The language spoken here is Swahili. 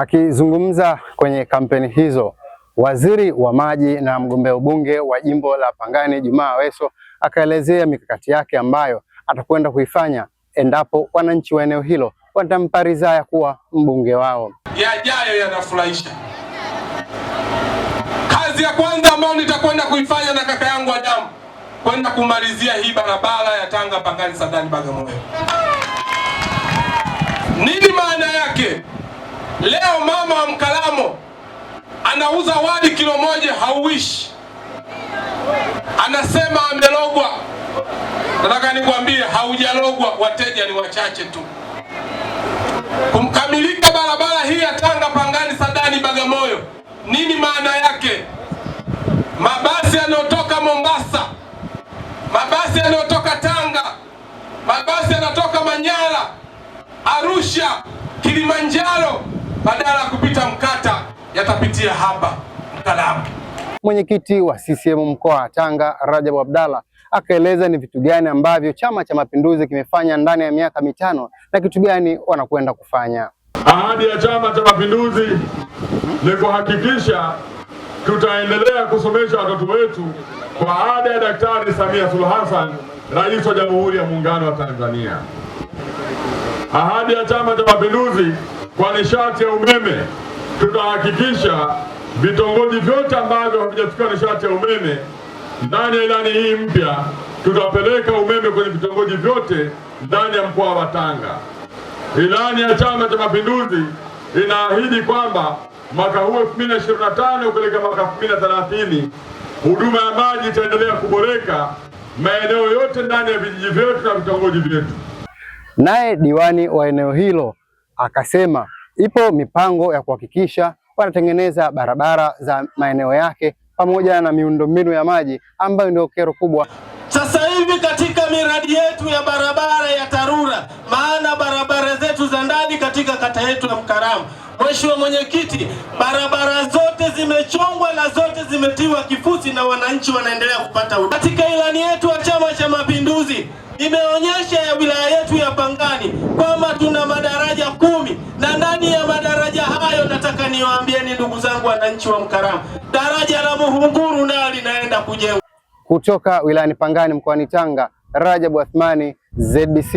Akizungumza kwenye kampeni hizo, waziri wa maji na mgombea ubunge wa jimbo la Pangani Jumaa Aweso akaelezea mikakati yake ambayo atakwenda kuifanya endapo wananchi wa eneo hilo watampa ridhaa ya kuwa mbunge wao. Yajayo yanafurahisha. Kazi ya kwanza ambayo nitakwenda kuifanya na kaka yangu Adamu kwenda kumalizia hii barabara ya Tanga Pangani Sadani Bagamoyo. Nini maana yake? Leo mama wa Mkalamo anauza wali kilo moja hauishi, anasema amelogwa. Nataka nikwambie haujalogwa, wateja ni wachache tu. Kumkamilika barabara hii ya Tanga Pangani Sadani Bagamoyo, nini maana yake? Mabasi yanayotoka Mombasa, mabasi yanayotoka Tanga, mabasi yanatoka Manyara, Arusha, Kilimanjaro badala ya kupita Mkata yatapitia hapa Mkalamu. Mwenyekiti wa CCM mkoa wa Tanga Rajabu Abdalla akaeleza ni vitu gani ambavyo Chama cha Mapinduzi kimefanya ndani ya miaka mitano na kitu gani wanakwenda kufanya. Ahadi ya Chama cha Mapinduzi ni kuhakikisha tutaendelea kusomesha watoto wetu kwa ada ya Daktari Samia Suluhu Hassan, rais wa Jamhuri ya Muungano wa Tanzania. Ahadi ya Chama cha Mapinduzi kwa nishati ya umeme, tutahakikisha vitongoji vyote ambavyo havijafikiwa nishati ya umeme ndani ya ilani hii mpya tutapeleka umeme kwenye vitongoji vyote ndani ya mkoa wa Tanga. Ilani ya Chama cha Mapinduzi inaahidi kwamba mwaka huu 2025 kupeleka mwaka 2030 huduma ya maji itaendelea kuboreka maeneo yote ndani ya vijiji vyetu na vitongoji vyetu. Naye diwani wa eneo hilo akasema ipo mipango ya kuhakikisha wanatengeneza barabara za maeneo yake pamoja na miundombinu ya maji ambayo ndio kero kubwa sasa hivi katika miradi yetu ya barabara ya TARURA, maana barabara zetu za ndani katika kata yetu ya Mkaramu, Mheshimiwa Mwenyekiti, barabara zote zimechongwa na zote zimetiwa kifusi na wananchi wanaendelea kupata huduma. Katika ilani yetu ya Chama cha Mapinduzi imeonyesha ya wilaya yetu ya niwaambieni ndugu zangu wananchi wa Mkarama, daraja la Muhunguru nalo linaenda kujengwa. Kutoka wilayani Pangani mkoani Tanga, Rajabu Athmani, ZBC.